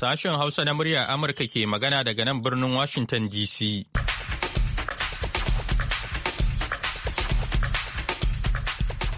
Sashen Hausa na murya Amurka ke magana daga nan birnin Washington DC.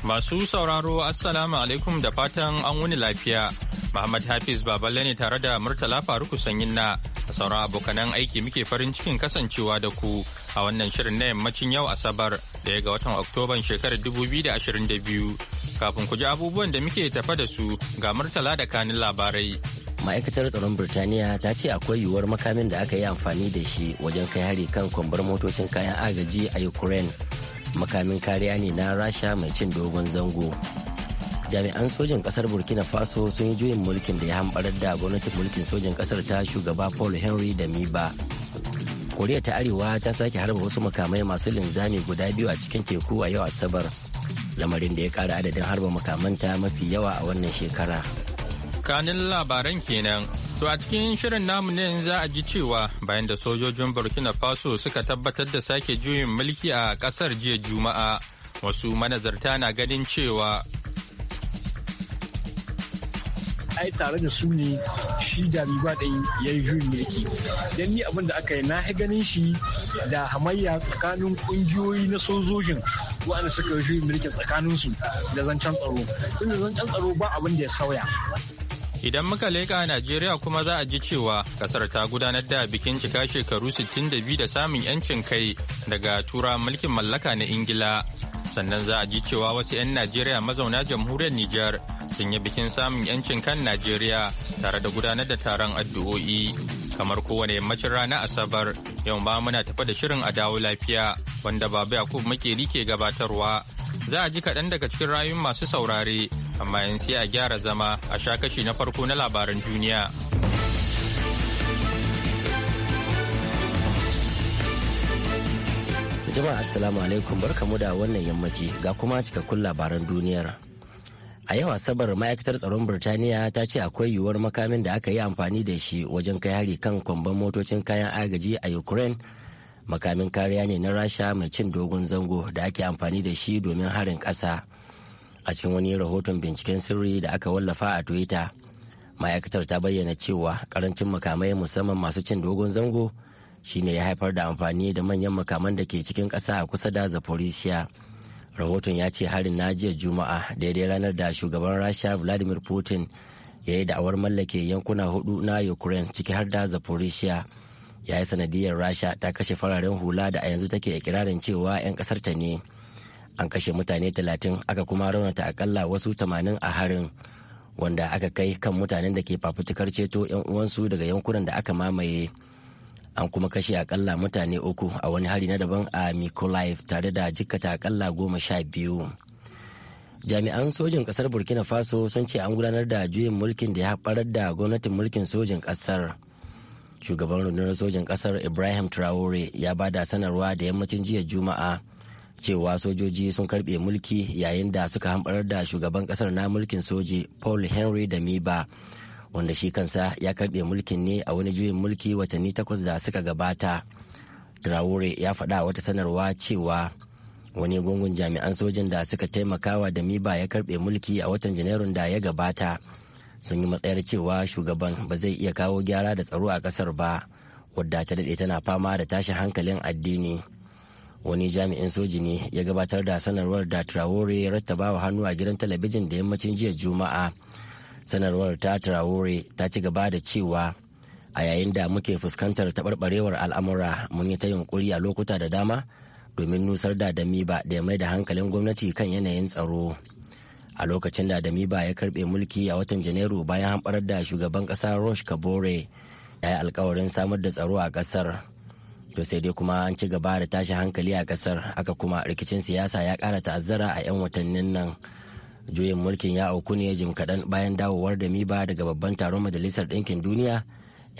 Masu sauraro Assalamu alaikum da fatan an wuni lafiya. Muhammad Hafiz Baballe ne tare da Murtala Faruku Sanyin na a sauran abokanan aiki muke farin cikin kasancewa da ku a wannan shirin na yammacin yau Asabar daya ga watan Oktoban shekarar 2022. Kafin ku ji abubuwan da muke tafa da su ga Murtala da kanin labarai. ma'aikatar tsaron birtaniya ta ce akwai yiwuwar makamin da aka yi amfani da shi wajen kai hari kan kwambar motocin kayan agaji a ukraine makamin kariya ne na rasha mai cin dogon zango jami'an sojin kasar burkina faso sun yi juyin mulkin da ya hambarar da gwamnatin mulkin sojin kasar ta shugaba paul henry da miba koriya ta arewa ta sake harba wasu makamai masu linzami guda biyu a cikin teku a yau asabar lamarin da ya kara adadin harba makamanta mafi yawa a wannan shekara tsakanin labaran kenan. To a cikin shirin namu ne za a ji cewa bayan da sojojin Burkina Faso suka tabbatar da sake juyin mulki a kasar jiya Juma'a wasu manazarta na ganin cewa ai tare da su ne shi da riba ɗin ya yi juyin mulki don ni abin da aka yi na ganin shi da hamayya tsakanin ƙungiyoyi na sojojin waɗanda suka yi juyin mulki tsakaninsu da zancen tsaro tun da zancen tsaro ba abin da ya sauya Idan muka leƙa Najeriya kuma za a ji cewa kasar ta gudanar da bikin cika shekaru 62 da samun 'yancin kai daga tura mulkin mallaka na Ingila. Sannan za a ji cewa wasu 'yan Najeriya mazauna jamhuriyar Nijar sun yi bikin samun 'yancin kan Najeriya tare da gudanar da taron addu'o'i. Kamar kowane yammacin rana Asabar, yau ba muna tafa da shirin a lafiya wanda babu Yakubu Makeri ke gabatarwa. Za a ji kaɗan daga cikin rayun masu saurare amma yanzu sai a gyara zama a shakashi na farko na labaran duniya. Jama'a Assalamu alaikum barkamu da wannan yammaci ga kuma cikakkun labaran duniyar. A yau Asabar ma'aikatar tsaron Birtaniya ta ce akwai yiwuwar makamin da aka yi amfani da shi wajen kai hari kan kwamban motocin kayan agaji a Ukraine. Makamin kariya ne na Rasha mai cin dogon zango da ake amfani da shi domin harin ƙasa. a cikin wani rahoton binciken sirri da aka wallafa a twitter ma'aikatar ta bayyana cewa karancin makamai musamman masu cin dogon zango shine ya haifar da amfani da manyan makaman da ke cikin ƙasa a kusa da zaporisiya rahoton ya ce harin na jiya juma'a daidai ranar da shugaban rasha vladimir putin ya yi da'awar mallake yankuna hudu na ukraine ciki har da zaporisiya ya yi sanadiyar rasha ta kashe fararen hula da a yanzu take ikirarin cewa 'yan kasarta ne an kashe mutane talatin aka kuma raunata akalla wasu tamanin a harin wanda aka kai kan mutanen da ke fafutukar ceto 'yan uwansu daga yankunan da aka mamaye an kuma kashe akalla mutane uku a wani hari na daban a mikolaif tare da jikkata akalla goma sha biyu jami'an sojin kasar burkina faso sun ce an gudanar da juyin mulkin da ya haɓarar da gwamnatin mulkin sojin kasar shugaban rundunar sojin kasar ibrahim traore ya ba da sanarwa da yammacin jiya juma'a cewa sojoji sun karbe mulki yayin da suka hamɓarar da shugaban kasar na mulkin soji paul henry da miba wanda shi kansa ya karbe mulkin ne a wani juyin mulki watanni takwas da suka gabata traore ya faɗa wata sanarwa cewa wani gungun jami'an sojin da suka taimakawa da miba ya karbe mulki a watan janairun da ya gabata sun yi matsayar cewa shugaban ba zai iya kawo gyara da tsaro a kasar ba wadda ta daɗe tana fama da tashin hankalin addini wani jami'in soji ne ya gabatar da sanarwar da traore ya rattabawa hannu a gidan talabijin da yammacin jiya juma'a sanarwar ta traore ta ci gaba da cewa a yayin da muke fuskantar taɓarɓarewar al'amura mun yi ta yunkuri a lokuta da dama domin nusar da damiba da ya mai da hankalin gwamnati kan yanayin tsaro a lokacin da damiba ya karɓe mulki a watan janairu bayan hamɓarar da shugaban ƙasa rosh kabore ya yi alkawarin samar da tsaro a ƙasar to sai dai kuma an ci gaba da tashi hankali a kasar aka kuma rikicin siyasa ya kara ta'azzara a 'yan watannin nan juyin mulkin ya auku ne jim kaɗan bayan dawowar da miba daga babban taron majalisar ɗinkin duniya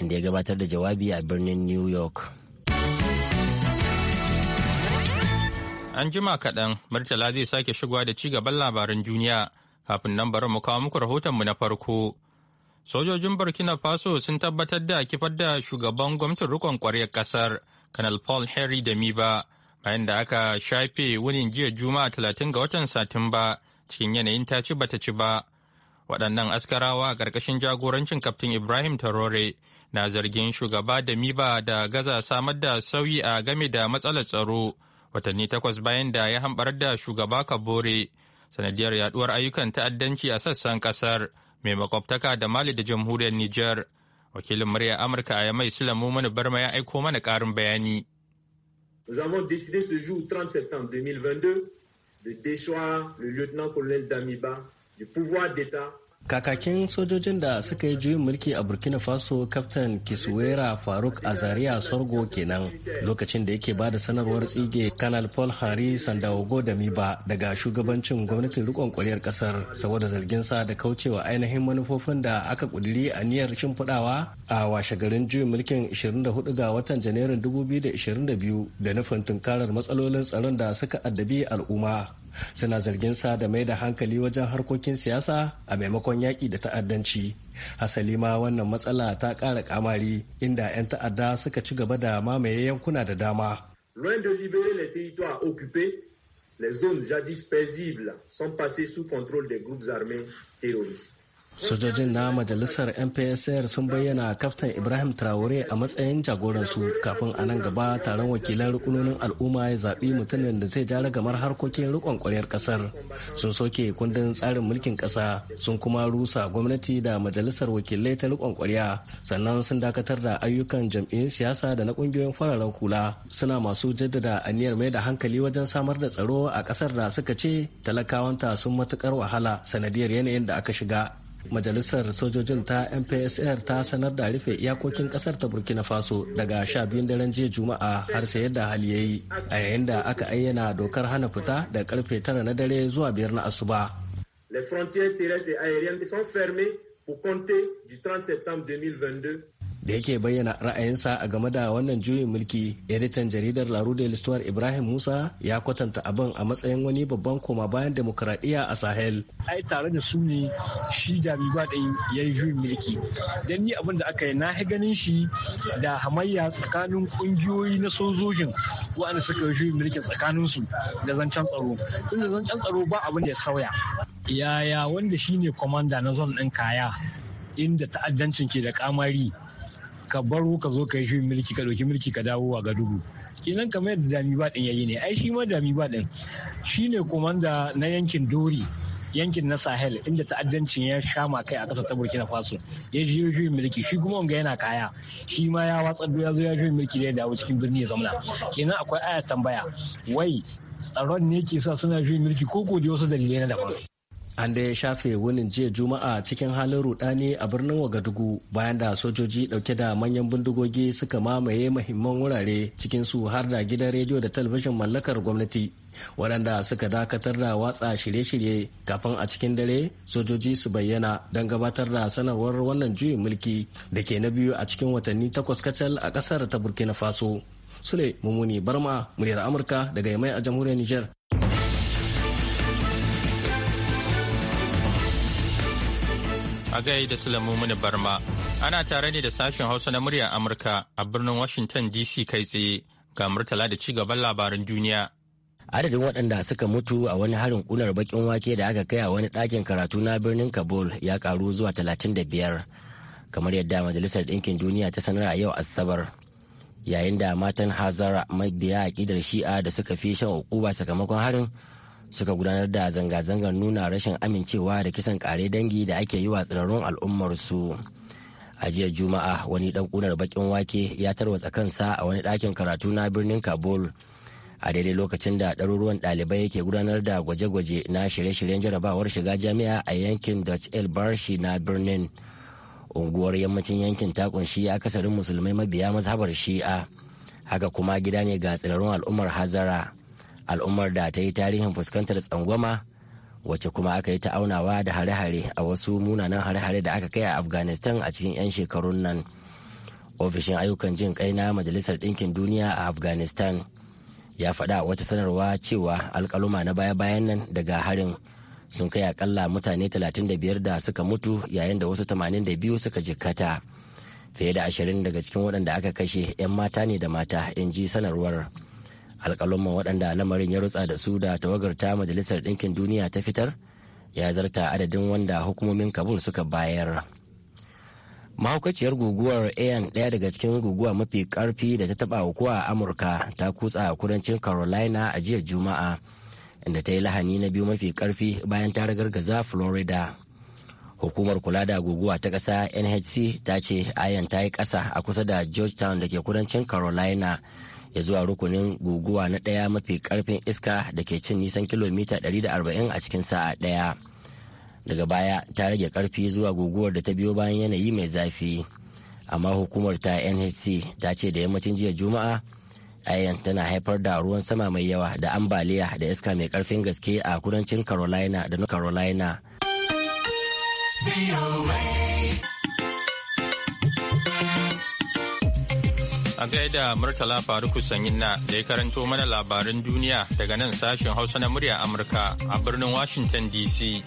inda ya gabatar da jawabi a birnin new york an jima kaɗan murtala zai sake shigowa da ci gaban labaran duniya kafin nan bari mu kawo muku rahotonmu na farko sojojin burkina faso sun tabbatar da kifar da shugaban gwamnatin rikon kwaryar ƙasar kanal paul henry da miba bayan da aka shafe wurin jiya juma'a talatin ga watan satumba cikin yanayin ta ci bata ci ba waɗannan askarawa a ƙarƙashin jagorancin kaftin ibrahim tarore na zargin shugaba da miba da gaza samar da sauyi a game da matsalar tsaro watanni takwas bayan da ya hambarar da shugaba kabore sanadiyar yaduwar ayyukan ta'addanci a sassan ƙasar mai makwabtaka da mali da jamhuriyar niger Nous avons décidé ce jour 30 septembre 2022 de déchoir le lieutenant-colonel Damiba du pouvoir d'État Kakakin sojojin da suka yi juyin mulki a Burkina Faso Kaftan Kiswera Faruk a Azaria Sorgo kenan lokacin da yake ba da sanarwar tsige Kanal Paul Hari Sandawogo da Miba daga shugabancin gwamnatin rikon kwaryar kasar saboda zargin sa da kaucewa ainihin manufofin da aka kuduri niyyar shimfiɗawa a washe garin juyin mulkin 24 ga watan Janairun 2022 da nufin tunkarar matsalolin tsaron da suka addabi al'umma suna zargin sa da mai da hankali wajen harkokin siyasa a maimakon yaƙi da ta'addanci hasali ma wannan matsala ta ƙara kamari inda 'yan ta'adda suka ci gaba da mamaye yankuna da dama loin de libérer les territoires occupés les zones jadis paisibles sont passées sous contrôle des groupes armés terroristes sojojin na majalisar mpsr sun bayyana kaftan ibrahim traore a matsayin jagoransu kafin a nan gaba taron wakilan rukunonin al'umma ya zaɓi mutumin da zai ja gamar harkokin rikon kwaryar ƙasar sun soke kundin tsarin mulkin ƙasa sun kuma rusa gwamnati da majalisar wakilai ta rikon kwarya sannan sun dakatar da ayyukan jam'iyyun siyasa da na ƙungiyoyin fararen kula suna masu jaddada aniyar mai da hankali wajen samar da tsaro a ƙasar da suka ce talakawanta sun matukar wahala sanadiyar yanayin da aka shiga majalisar sojojin ta mpsr ta sanar da rufe iyakokin kasar ta burkina faso daga 12 daren jiya juma'a har sai yadda hali ya yi a yayin da aka ayyana dokar hana fita da karfe 9 na dare zuwa 5 na asuba Les frontières terrestres et aériennes sont fermées pour compter du 30 septembre 2022 da yake bayyana ra'ayinsa a game da wannan juyin mulki editan jaridar larude listuwar ibrahim musa ya kwatanta abin a matsayin wani babban koma bayan demokuraɗiyya a sahel ai tare da su ne shi jami ɗin ya yi juyin mulki don ni abin da aka yi na ganin shi da hamayya tsakanin ƙungiyoyi na sojojin waanda suka yi juyin mulki tsakaninsu da zancen tsaro tun da zancen tsaro ba abin da ya sauya yaya wanda shine kwamanda na zon ɗin kaya inda ta'addancin ke da kamari ka baro ka zo ka yi shirin mulki ka ɗauki mulki ka dawo a gadugu kenan kamar yadda dami ba ɗin yayi ne ai shi ma dami ba ɗin shi ne komanda na yankin dori yankin na sahel inda ta'addancin ya shama kai a ƙasa ta burkina faso ya jiyo juyin mulki shi kuma wanga yana kaya shi ma ya watsar ya zo ya juyin mulki da ya dawo cikin birni ya zamana kenan akwai aya tambaya wai tsaron ne ke sa suna juyin mulki ko ko wasu dalilai na daban an da ya shafe wunin jiya juma'a cikin halin rudani a birnin wagadugu bayan da sojoji dauke da manyan bindigogi suka mamaye mahimman wurare cikin su har da gidan rediyo da talabijin mallakar gwamnati waɗanda suka dakatar da watsa shirye-shirye kafin a cikin dare sojoji su bayyana don gabatar da sanarwar wannan juyin mulki da ke na biyu a cikin watanni takwas kacal a ƙasar ta burkina faso sule mummuni barma muryar amurka daga yamai a jamhuriyar niger A gai da Sulamu Barma, ana tare ne da sashen Hausa na muryar Amurka a birnin Washington DC kai tsaye ga Murtala da cigaban labaran duniya. Adadin waɗanda suka mutu a wani harin kunar bakin wake da aka kai a wani ɗakin karatu na birnin Kabul ya karu zuwa 35 kamar yadda Majalisar Ɗinkin Duniya ta sanar a yau Asabar. Yayin da matan Hazara mabiya aƙidar Shi'a da suka fi shan hukuma sakamakon harin suka gudanar da zanga-zangar nuna rashin amincewa da kisan kare dangi da ake yi wa tsirarun al'ummarsu a jiya juma'a wani dan kunar bakin wake ya tarwatsa kansa a wani ɗakin karatu na birnin kabul a daidai lokacin da ɗaruruwan ɗalibai ke gudanar da gwaje-gwaje na shirye-shiryen jarabawar shiga jami'a a yankin dutch el barshi na birnin unguwar yammacin yankin ta kunshi akasarin musulmai mabiya mazhabar shi'a haka kuma gida ne ga tsirarun al'ummar hazara al'ummar da ta yi tarihin fuskantar tsangwama wace kuma aka yi ta'aunawa da hare-hare a wasu munanan hare-hare da aka kai a afghanistan a cikin 'yan shekarun nan ofishin ayyukan jin kai na majalisar ɗinkin duniya a afghanistan ya faɗa wata sanarwa cewa alkaluma na baya-bayan nan daga harin sun kai akalla mutane 35 da suka mutu yayin da wasu 82 suka jikkata fiye da ashirin daga cikin waɗanda aka kashe 'yan mata ne da mata in ji sanarwar. alƙalumman waɗanda lamarin ya rutsa da su da tawagar ta majalisar ɗinkin duniya ta fitar ya zarta adadin wanda hukumomin kabul suka bayar mahaukaciyar guguwar ayan ɗaya daga cikin guguwa mafi ƙarfi da ta taɓa hukuwa a amurka ta kutsa kudancin carolina a jiya juma'a inda ta yi lahani na biyu mafi ƙarfi bayan ta ragargaza florida hukumar kula da guguwa ta ƙasa nhc ta ce ayan ta yi ƙasa a kusa da georgetown da ke kudancin carolina ya zuwa rukunin guguwa na ɗaya mafi ƙarfin iska da ke cin nisan kilomita 140 a cikin sa'a ɗaya. Daga baya ta rage ƙarfi zuwa guguwar da ta biyo bayan yanayi mai zafi. Amma hukumar ta NHC ta ce da yammacin jiya Juma'a ayan tana haifar da ruwan sama mai yawa da ambaliya da iska mai ƙarfin gaske a kudancin Carolina da na Carolina. a gaida Murtala Faruku na da ya karanto mana labaran duniya daga nan sashen Hausa na murya Amurka a birnin Washington DC.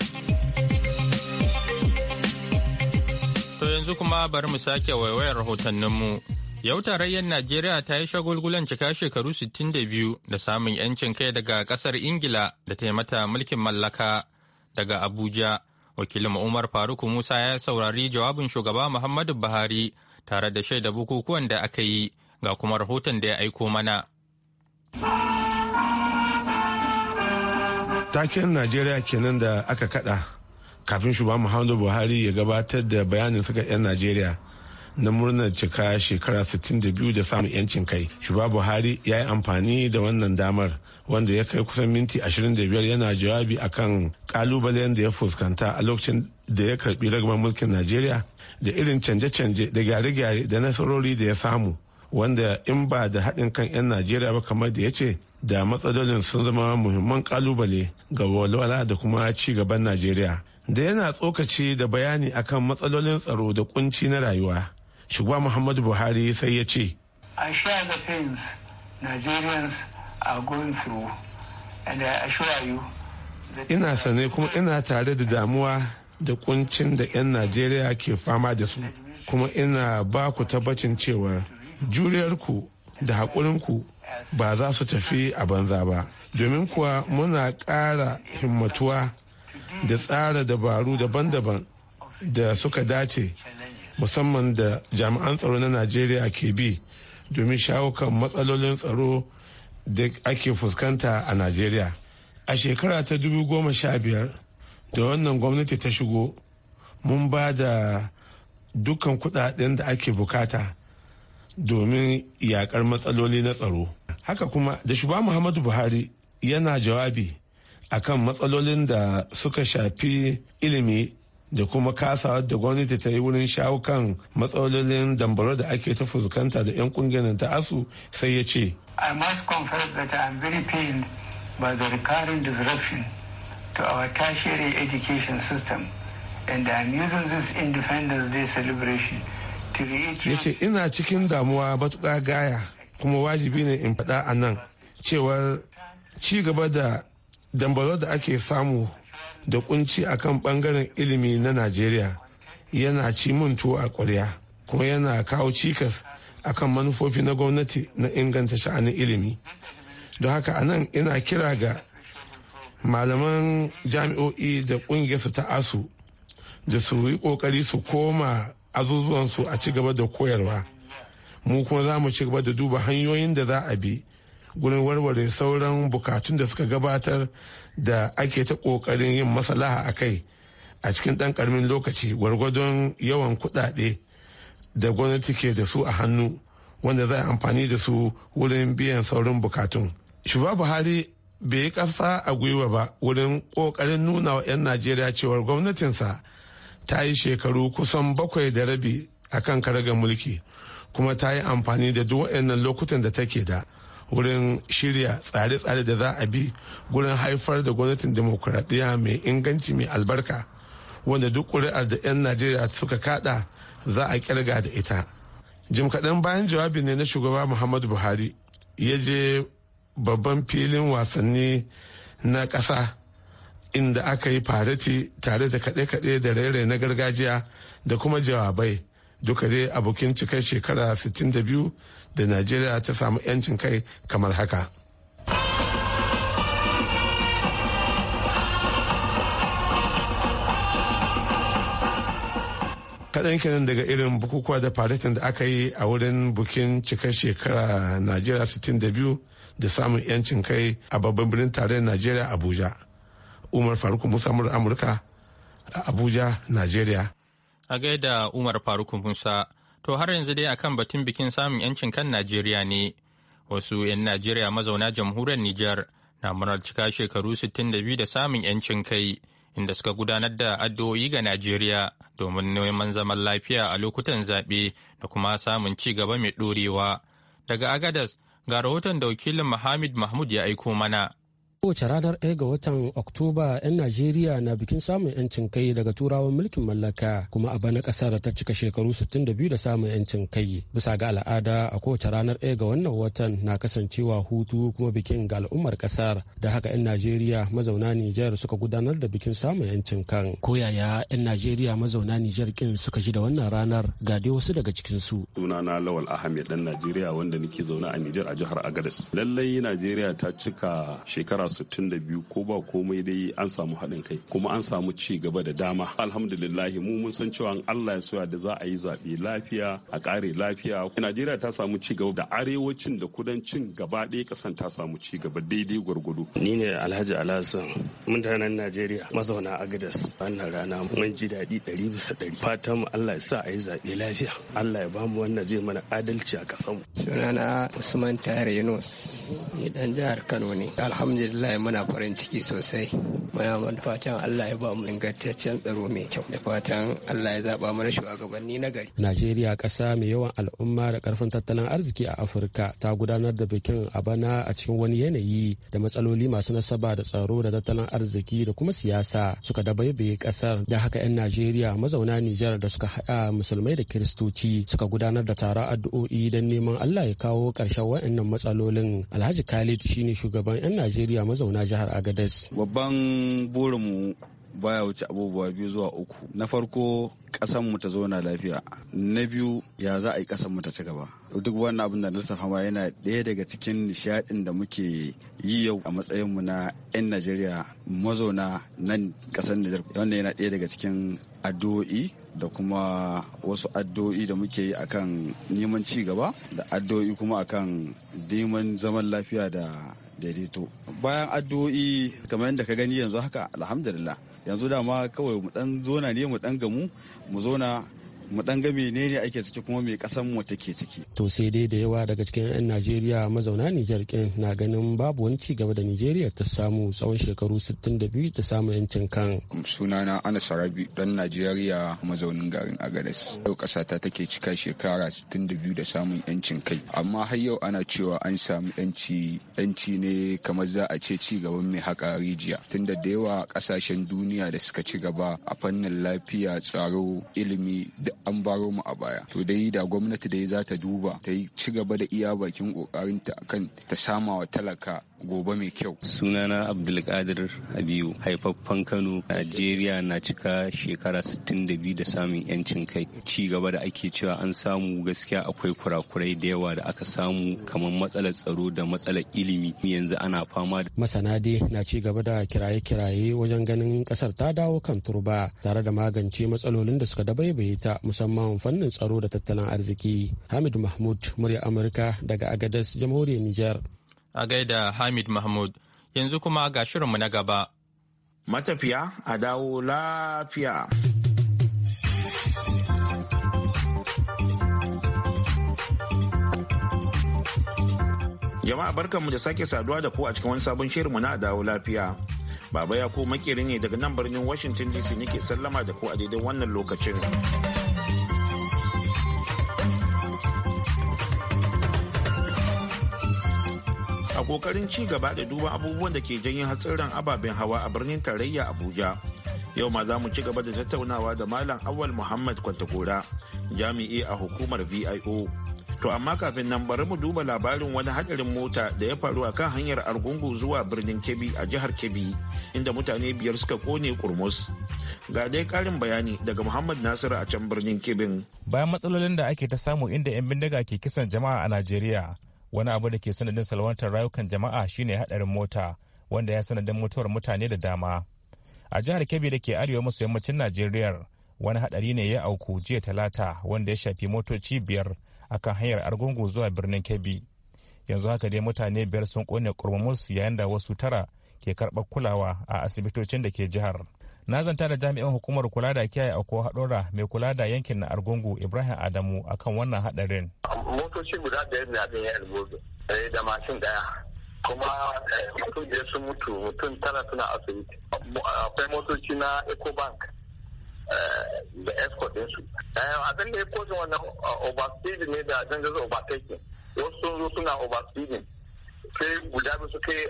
To yanzu kuma bari mu sake waiwayar rahotanninmu. Yau tarayyar Najeriya ta yi shagulgulan cika shekaru 62 da samun 'yancin kai daga kasar Ingila da ta mata mulkin mallaka daga Abuja. Wakilin Umar Faruku Musa ya saurari jawabin shugaba Muhammadu Buhari tare da shaida bukukuwan da aka yi ga kuma rahoton da ya aiko mana. Taken Najeriya kenan da aka kada kafin Shuba Muhammadu Buhari ya gabatar da bayanin suka 'yan Najeriya na murnar cika shekara 62 da samun 'yancin kai. Shuba Buhari ya yi amfani da wannan damar wanda ya kai kusan minti 25 yana jawabi akan kalubalen da ya fuskanta a lokacin da ya karbi ragamar mulkin Najeriya da irin canje-canje da gyare-gyare da nasarori da ya samu wanda in ba da haɗin kan 'yan najeriya ba kamar da ya ce da matsalolin sun zama muhimman kalubale ga walwala da kuma ci gaban najeriya da yana tsokaci da bayani akan matsalolin tsaro da kunci na rayuwa shugaba muhammadu buhari sai ya ce ina sane kuma ina tare da damuwa da kuncin da 'yan najeriya ke fama da su kuma ina ba ku tabbacin cewa juriyarku da haƙurinku ba za su tafi a banza ba domin kuwa muna ƙara himmatuwa da tsara dabaru daban-daban da suka dace musamman da jami'an tsaro na najeriya ke bi domin shawo kan matsalolin tsaro da ake fuskanta a najeriya a shekara ta 2015 da wannan gwamnati ta shigo mun ba da dukkan kudaden da ake bukata domin yakar matsaloli na tsaro haka kuma da shugaba muhammadu buhari yana jawabi akan matsalolin da suka shafi ilimi da kuma kasawa da gwamnati ta yi wurin shawo kan matsalolin dambaro da ake ta fuskanta da 'yan kungiyar ta asu sai ya ce i must confess that i am very pained by the recurring disruption to our tertiary education system and i am using this independence day celebration ya ce ina cikin damuwa matuƙa gaya kuma wajibi ne in faɗa a nan cewar ci gaba da dambaro da ake samu da kunci akan ɓangaren ilimi na najeriya yana ci tuwo a ƙwarya kuma yana kawo cikas akan manufofi na gwamnati na inganta sha'anin ilimi don haka a nan ina kira ga malaman jami'o'i da ƙungiyarsu ta asu da su yi ƙoƙari su koma azuzuwansu a ci gaba da koyarwa mu kuma za mu ci gaba da duba hanyoyin da za a bi gurin warware sauran bukatun da suka gabatar da ake ta kokarin yin masalaha a kai a cikin ɗan ƙaramin lokaci gwargwadon yawan kuɗaɗe da gwamnati ke da su a hannu wanda zai amfani da su wurin biyan sauran bukatun. shuba Buhari bai yi ƙasa a gwiwa ba wurin ƙoƙarin nuna wa 'yan Najeriya cewar gwamnatinsa ta yi shekaru kusan bakwai da rabi a kan karga mulki kuma ta yi amfani da duk waɗannan lokutan da take da wurin shirya tsare-tsare da za a bi wurin haifar da gwamnatin demokuraɗiyya mai inganci mai albarka wanda duk ƙuri'ar da 'yan najeriya suka kaɗa za a kirga da ita jim kaɗan bayan jawabi ne na shugaba muhammadu buhari ya je babban filin wasanni na ƙasa inda aka yi farati tare da kaɗe-kaɗe da raira na gargajiya da kuma jawabai duka dai abokin cikar shekara 62 da najeriya ta samu 'yancin kai kamar haka. kaɗan kenan daga irin bukukuwa da faratin da aka yi a wurin bukin cikar shekara najeriya 62 da samun 'yancin kai a babban birnin tarayyar najeriya abuja umar faruk musa amurka a abuja Najeriya. a gaida umar faruk musa to har yanzu dai akan batun bikin samun yancin kan najeriya ne wasu 'yan najeriya mazauna jamhuriyar Nijar na murar cika shekaru 62 da samun yancin kai inda suka gudanar da addu'o'i ga najeriya domin neman zaman lafiya a lokutan zaɓe da kuma samun ci gaba mai ɗorewa daga agadas ga rahoton da wakilin Muhammad Mahmud ya aiko mana. Kowace ranar ɗaya ga watan Oktoba 'yan Najeriya na bikin samun 'yancin kai daga turawan mulkin mallaka kuma a bana ƙasar ta cika shekaru 62 da samun 'yancin kai. Bisa ga al'ada a kowace ranar ɗaya ga wannan watan na kasancewa hutu kuma bikin ga al'ummar kasar da haka 'yan Najeriya mazauna Nijar suka gudanar da bikin samun 'yancin kan. Koyaya 'yan Najeriya mazauna Nijar kin suka ji da wannan ranar ga dai wasu daga cikinsu. na Lawal Ahmed dan Najeriya wanda nake zaune a Nijar a jihar Agadez. Lallai Najeriya ta cika shekara 62 ko ba komai dai an samu haɗin kai kuma an samu ci gaba da dama alhamdulillahi mu mun san cewa Allah ya soya da za a yi zaɓe lafiya a kare lafiya Najeriya ta samu ci gaba da arewacin da kudancin gaba ɗaya ƙasan ta samu ci gaba daidai gwargwado ni ne Alhaji Alhassan mutanen Najeriya mazauna Agadas wannan rana mun ji daɗi ɗari bisa ɗari fatan Allah ya sa a yi zaɓe lafiya Allah ya bamu wannan zai mana adalci a ƙasanmu sunana Usman Tare Yunus ni dan jihar Kano ne alhamdulillah ya muna farin ciki sosai muna fatan Allah ya ba mu ingantaccen tsaro mai kyau da fatan Allah ya zaba mana shugabanni na gari Najeriya ƙasa mai yawan al'umma da ƙarfin tattalin arziki a Afirka ta gudanar da bikin a bana a cikin wani yanayi da matsaloli masu nasaba da tsaro da tattalin arziki da kuma siyasa suka dabaibaye ƙasar da haka 'yan Najeriya mazauna Nijar da suka haɗa musulmai da kiristoci suka gudanar da taron addu'o'i don neman Allah ya kawo ƙarshen waɗannan matsalolin Alhaji Khalid shine shugaban 'yan Najeriya mazauna jihar Agadez. Babban burinmu baya wuce abubuwa biyu zuwa uku. Na farko mu ta zauna lafiya. Na biyu ya za a yi mu ta ci gaba. Duk wannan abin da nasa fama yana ɗaya daga cikin nishaɗin da muke yi yau a matsayin mu na 'yan Najeriya mazauna nan ƙasar Nijar. Wannan yana ɗaya daga cikin addu'o'i da kuma wasu addu'o'i da muke yi akan neman ci gaba da addu'o'i kuma akan neman zaman lafiya da daidaito bayan addu'o'i kamar yadda ka gani yanzu haka alhamdulillah yanzu dama kawai mu dan zona ne mu dan gamu mu zona mu dan ga menene ake ciki kuma me kasan mu take ciki to sai dai da yawa daga cikin yan Najeriya mazauna Nijar kin na ganin babu wani ci gaba da Nijeriya ta samu tsawon shekaru 62 da samun yancin kan sunana ana Sarabi dan Najeriya mazaunin garin Agadez yau kasa ta take cika shekara 62 da samun yancin kai amma har yau ana cewa an samu yanci yanci ne kamar za a ce ci gaban mai haƙa rijiya tunda da yawa kasashen duniya da suka ci gaba a fannin lafiya tsaro ilimi da an baro mu a baya to dai da gwamnati dai za ta duba ta yi ci gaba da iya bakin kokarinta kan ta sama wa talaka gobe mai kyau. Sunana Abdulkadir Habibu haifaffen Kano Najeriya na cika shekara 62 da samun yancin kai. Ci gaba da ake cewa an samu gaskiya akwai kurakurai da yawa da aka samu kamar matsalar tsaro da matsalar ilimi yanzu ana fama da. Masana dai na ci gaba da kiraye-kiraye wajen ganin kasar ta dawo kan turba tare da magance matsalolin da suka dabaibaye ta musamman fannin tsaro da tattalin arziki. Hamid Mahmud murya Amurka daga Agadas jamhuriyar Nijar. A gaida Hamid Mahmud, yanzu kuma ga shirinmu na gaba. Matafiya a dawo lafiya. Jama'a barkanmu da sake saduwa da ku a cikin wani sabon shirinmu na dawo lafiya. Baba ya ko makeri ne daga nan birnin Washington DC nake sallama da ku a daidai wannan lokacin. kokarin ci gaba da duba abubuwan da ke janyo hatsarin ababen hawa a birnin tarayya abuja yau ma za mu ci gaba da tattaunawa da malam awal muhammad kwantagora jami'i a hukumar vio to amma kafin nan bari mu duba labarin wani hadarin mota da ya faru a kan hanyar argungu zuwa birnin kebbi a jihar kebbi inda mutane biyar suka kone kurmus ga dai karin bayani daga muhammad nasiru a can birnin kebin bayan matsalolin da ake ta samu inda 'yan bindiga ke kisan jama'a a najeriya wani abu da ke sanadin salwantar rayukan jama'a shine hadarin mota wanda ya sanadin mutuwar mutane da dama a jihar kebbi da ke arewa maso yammacin najeriya wani hadari ne ya auku jiya talata wanda ya shafi motoci biyar akan hanyar argungu zuwa birnin kebbi yanzu haka dai mutane biyar sun kone kurmamus yayin da wasu tara ke karɓar kulawa a asibitocin da ke jihar na zanta da jami'an hukumar kula da kiyaye ako haɗura mai kula da yankin na argungu ibrahim adamu akan wannan haɗarin. motoci guda biyar na bin elbozo da mashin daya kuma eh, mutum da sun mutu mutum tara suna asibiti akwai motoci na ecobank eh, da escort ɗinsu eh, abin da ya kojin wannan overspeed ne da jangaza overtaking wasu sun zo suna overspeeding sai guda biyu suka yi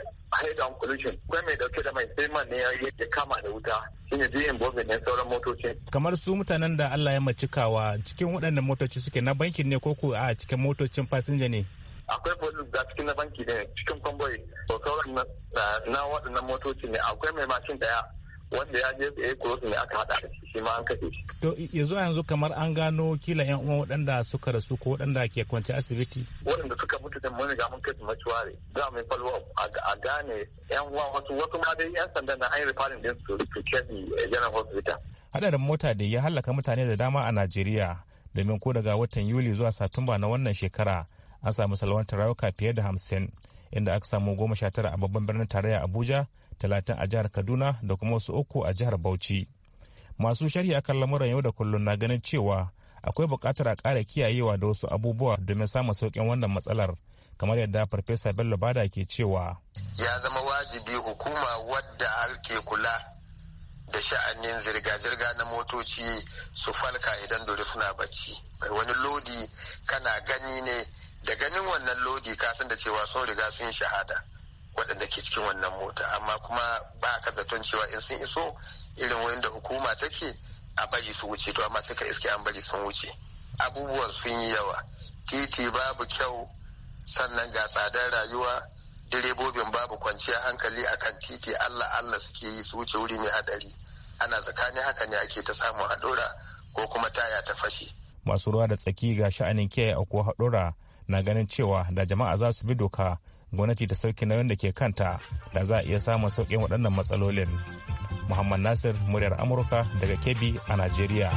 on collision mai dauke da mai sai man ne ya kama da wuta shine biyan bobe ne sauran motocin kamar su mutanen da Allah ya macikawa cikin waɗannan motoci suke na bankin ne ko ko a cikin motocin fasinja ne akwai police da cikin na banki ne cikin kwamboyi to sauran na waɗannan motoci ne akwai mai mashin ɗaya. wanda ya je tsaye cross ne aka hada da shi ma an kashe shi. To yanzu yanzu kamar an gano kila yan uwa waɗanda suka rasu ko waɗanda ke kwance asibiti. Waɗanda suka mutu da mun riga mun kai mortuary za mu yi falwa a gane yan uwa wasu wasu ma dai yan sanda na hanyar falin din su to kebi eh, general hospital. Hadarin mota da ya halaka mutane da dama a Najeriya domin ko daga watan Yuli zuwa Satumba na wannan shekara an samu salwantar rayuka fiye da hamsin inda aka samu goma sha tara a babban birnin tarayya Abuja talatin a jihar kaduna da kuma wasu uku a jihar bauchi masu shari'a kan lamuran yau da kullum na ganin cewa akwai buƙatar a ƙara kiyayewa da wasu abubuwa domin samun sauƙin wannan matsalar kamar yadda farfesa bello bada ke cewa ya zama wajibi hukuma wadda ake kula da sha'anin zirga-zirga na motoci su falka idan dole suna bacci wani lodi kana gani ne da ganin wannan lodi kasan da cewa sun riga sun shahada waɗanda ke cikin wannan mota amma kuma ba ka zaton cewa in sun iso irin wayan da hukuma take a bari su wuce to amma ka iske an bari sun wuce abubuwan sun yi yawa titi babu kyau sannan ga tsadar rayuwa direbobin babu kwanciya hankali akan titi allah allah suke yi su wuce wuri mai hadari ana tsakanin haka ne ake ta samun haɗura ko kuma taya ta fashe masu ruwa da tsaki ga sha'anin kiyaye ko haɗura na ganin cewa da jama'a za su bi doka gwamnati ta sauki nauyin da ke kanta da za a iya samun sauƙin waɗannan matsalolin muhammad nasir muryar amurka daga kebbi a najeriya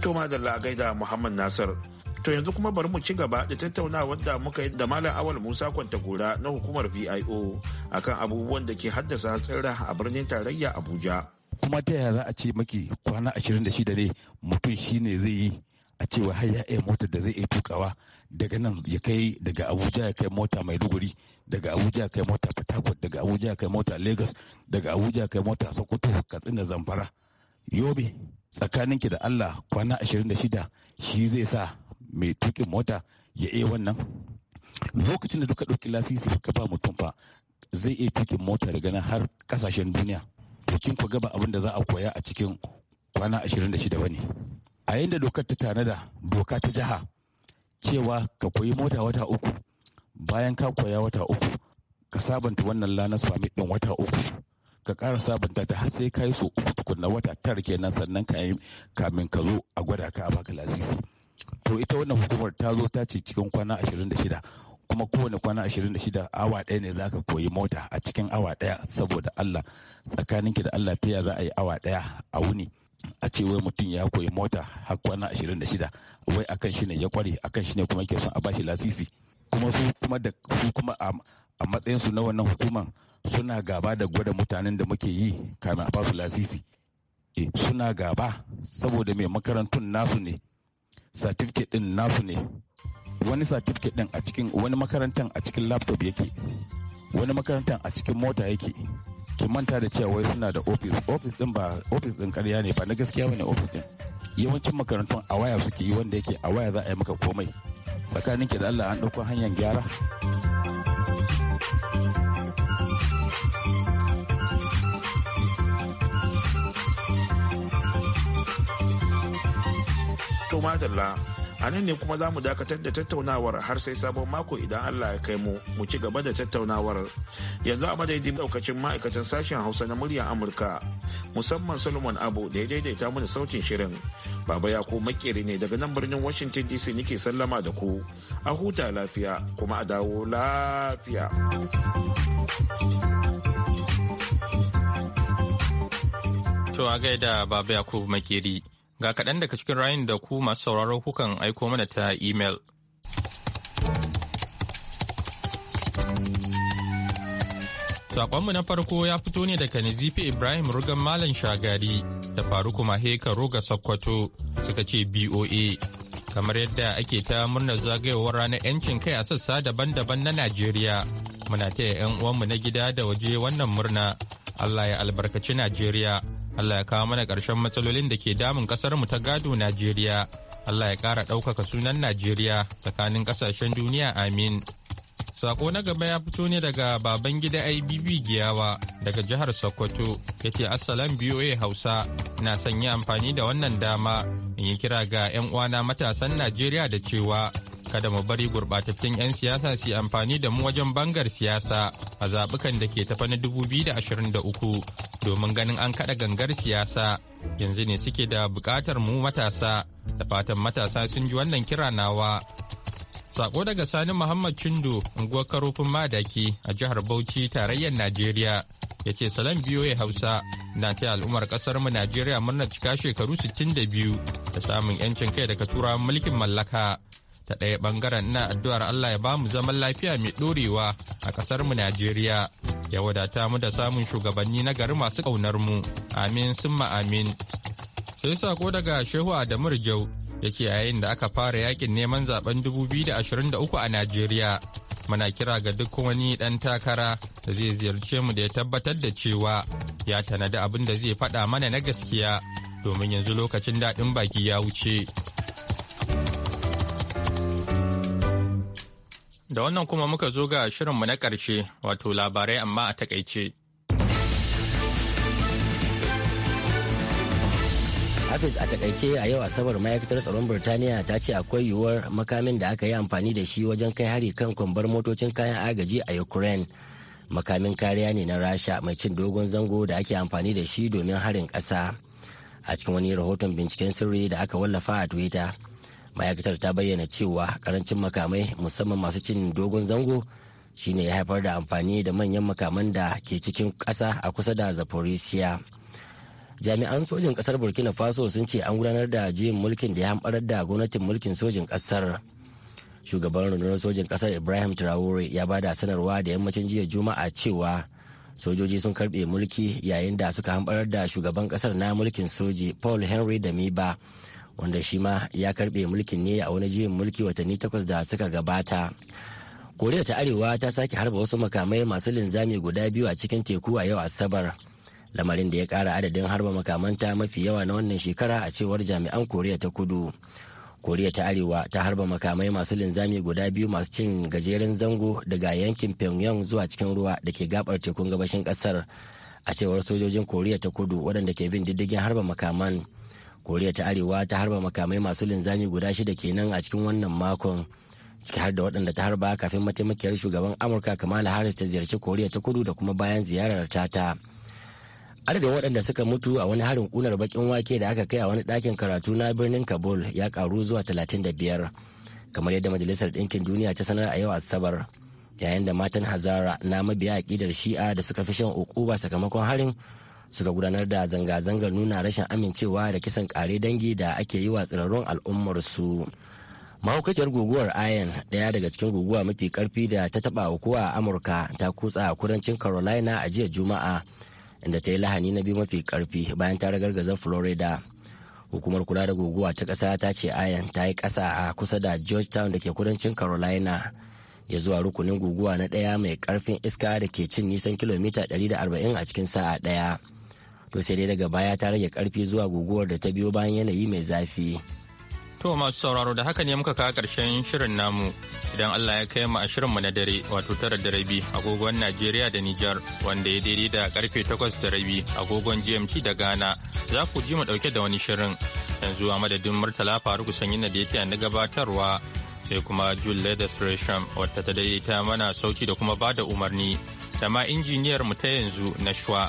to da gaida muhammad nasir to yanzu kuma bari mu ci gaba da tattaunawar da muka yi da malam awal musa kwantagora na hukumar vio akan abubuwan da ke haddasa hatsira a birnin tarayya abuja kuma ta yaya za a ce maki kwana 26 ne mutum shine zai yi a cewa har ya iya motar da zai iya tukawa daga nan ya kai daga abuja ya kai mota maiduguri daga abuja ya kai mota port daga abuja ya kai mota lagos daga abuja ya kai mota sokoto katsina zamfara yobe tsakaninki da allah kwana 26 shi zai sa mai tukin mota ya iya wannan lokacin da duka ɗauki lasisi ka ba mutum fa zai iya tukin mota daga nan har kasashen duniya to kin ku gaba abin da za a koya a cikin kwana 26 wani. a yadda dokar ta tanada doka ta jiha cewa ka koyi mota wata uku bayan ka koya wata uku ka sabanta wannan lanar famit din wata uku ka ƙara sabanta ta har sai ka yi so uku tukunna wata tara kenan sannan ka yi kamin ka zo a gwada ka a baka lasisi to ita wannan hukumar ta zo ta ce cikin kwana shida. kuma kowane kwana 26 awa ɗaya ne zaka koyi mota a cikin awa ɗaya saboda Allah tsakaninki da Allah ta ya za a yi awa ɗaya a wuni a ce wai mutum ya koyi mota har kwana 26 wai akan shi ne ya kware akan shi ne kuma ke son a bashi lasisi kuma su kuma da su kuma a matsayin su na wannan hukuman suna gaba da gwada mutanen da muke yi kamin a basu lasisi e, suna gaba saboda mai makarantun nasu ne certificate din nasu ne wani certificate din a cikin wani makarantan a cikin laptop yake wani makarantan a cikin mota yake ki manta da cewa wai suna da ofis ofis din ba ofis din karya ne ba na gaskiya bane ofis din yawancin makarantun a waya suke yi wanda yake a waya za a yi maka komai tsakanin ki da Allah an ɗauko hanyar gyara to madalla a nan ne kuma za mu dakatar da tattaunawar har sai sabon mako idan allah ya kai mu mu ci gaba da tattaunawar yanzu a madaidin daukacin ma'aikatan sashen hausa na muryar amurka musamman solomon abu da ya daidaita mana sautin shirin baba ya ko makeri ne daga nan birnin washington dc nike sallama da ku a huta lafiya kuma a dawo lafiya To a gaida Baba Yakubu Makeri. Ga kaɗan daga cikin rayun da ku masu sauraron kukan aiko mana ta imel. Sakonmu na farko ya fito ne daga Nizifi Ibrahim Rugan Malam Shagari da Faruku Maheka Roga Sokoto suka ce BOA. Kamar yadda ake ta murna zagayowar ranar 'yancin kai a sassa daban-daban na Najeriya. Muna taya 'yan uwanmu na gida da waje wannan murna. Allah ya albarkaci Najeriya Allah ya kawo mana ƙarshen matsalolin da ke damun mu ta gado Najeriya. Allah ya ƙara ɗaukaka sunan Najeriya tsakanin ƙasashen duniya amin. Sako na gaba ya fito ne daga baban gida IBB Giyawa daga jihar Sokoto ya ce Assalam BOA Hausa na sanya amfani da wannan dama in yi kira ga 'yan uwana matasan Najeriya da cewa kada mu bari gurɓatattun 'yan siyasa su yi amfani da mu wajen bangar siyasa a zaɓukan da ke tafa na 2023 domin ganin an kaɗa gangar siyasa yanzu ne suke da buƙatar mu matasa da fatan matasa sun ji wannan kira nawa Sako daga Sani Muhammad cindo unguwar karofin madaki a jihar Bauchi, tarayyar Najeriya, ya ce salam ya Hausa na ta al'ummar kasar mu Najeriya murnar cika shekaru 62 da samun 'yancin kai daga turawan mulkin mallaka. ta ɗaya ɓangaren ina addu'ar Allah ya bamu zaman lafiya mai ɗorewa a ƙasar mu Najeriya ya wadata mu da samun shugabanni na gari masu ƙaunar mu amin summa amin sai sako daga Shehu Adamu Rijau yake yayin da aka fara yakin neman zaben 2023 a Najeriya muna kira ga duk wani ɗan takara da zai ziyarce mu da ya tabbatar da cewa ya tanadi abin da zai faɗa mana na gaskiya domin yanzu lokacin daɗin baki ya wuce Da wannan kuma muka zo ga shirinmu na ƙarshe wato labarai amma a takaice. Hafiz a takaice a yau Asabar ma'aikatar tsaron Birtaniya ta ce akwai yiwuwar makamin da aka yi amfani da shi wajen kai hari kan kwambar motocin kayan agaji a Ukraine. Makamin kariya ne na Rasha mai cin dogon zango da ake amfani da shi domin harin ƙasa. A cikin wani rahoton binciken sirri da aka wallafa a Twitter. ma'aikatar ta bayyana cewa karancin makamai musamman masu cin dogon zango shine ya haifar da amfani da manyan makaman da ke cikin ƙasa a kusa da zaporisiya jami'an sojin ƙasar burkina faso sun ce an gudanar da juyin mulkin da ya hamɓarar da gwamnatin mulkin sojin ƙasar shugaban rundunar sojin ƙasar ibrahim traore ya ba da sanarwa da yammacin jiya juma'a cewa sojoji sun karɓe mulki yayin da suka hamɓarar da shugaban ƙasar na mulkin soji paul henry da miba wanda shi ma ya karbe mulkin ne a wani juyin mulki watanni takwas da suka gabata koriya ta arewa ta sake harba wasu makamai masu linzami guda biyu a cikin teku a yau asabar lamarin da ya kara adadin harba makamanta mafi yawa na wannan shekara a cewar jami'an koriya ta kudu koriya ta arewa ta harba makamai masu linzami guda biyu masu cin gajeren zango daga yankin pyongyang zuwa cikin ruwa da ke gabar tekun gabashin kasar a cewar sojojin koriya ta kudu waɗanda ke bin diddigin harba makaman koriya ta arewa ta harba makamai masu linzami guda shida kenan a cikin wannan makon ciki har da waɗanda ta harba kafin mataimakiyar shugaban amurka kamala harris ta ziyarci koriya ta kudu da kuma bayan ziyarar ta ta. adadin waɗanda suka mutu a wani harin kunar bakin wake da aka kai a wani ɗakin karatu na birnin kabul ya karu zuwa talatin da biyar kamar yadda majalisar ɗinkin duniya ta sanar a yau asabar yayin da matan hazara na mabiya aƙidar shi'a da suka fi shan uku ba sakamakon harin suka gudanar da zanga-zangar nuna rashin amincewa da kisan kare dangi da ake yi wa tsirarun al'ummarsu mahaukaciyar guguwar ayan daya daga cikin guguwa mafi karfi da ta taba hukuwa a amurka ta kutsa a kudancin carolina a jiya juma'a inda ta yi lahani na biyu mafi karfi bayan ta ragargaza florida hukumar kula da guguwa ta ƙasa ta ce ayan ta yi ƙasa a kusa da georgetown da ke kudancin carolina ya zuwa rukunin guguwa na ɗaya mai karfin iska da ke cin nisan kilomita 140 a cikin sa'a ɗaya. to sai dai daga baya ta rage karfi zuwa guguwar da ta biyo bayan yanayi mai zafi to masu sauraro da haka ne muka kawo karshen shirin namu idan Allah ya kai mu a shirinmu na dare wato tara da rabi agogon Najeriya da Nijar wanda ya daidai da karfe takwas da rabi agogon GMT da Ghana za ku ji mu dauke da wani shirin yanzu a madadin Murtala Faruku Sanyin da yake na gabatarwa sai kuma Jule da Gresham wata ta daidaita mana sauki da kuma bada umarni da ma injiniyar mu ta yanzu na Shwa.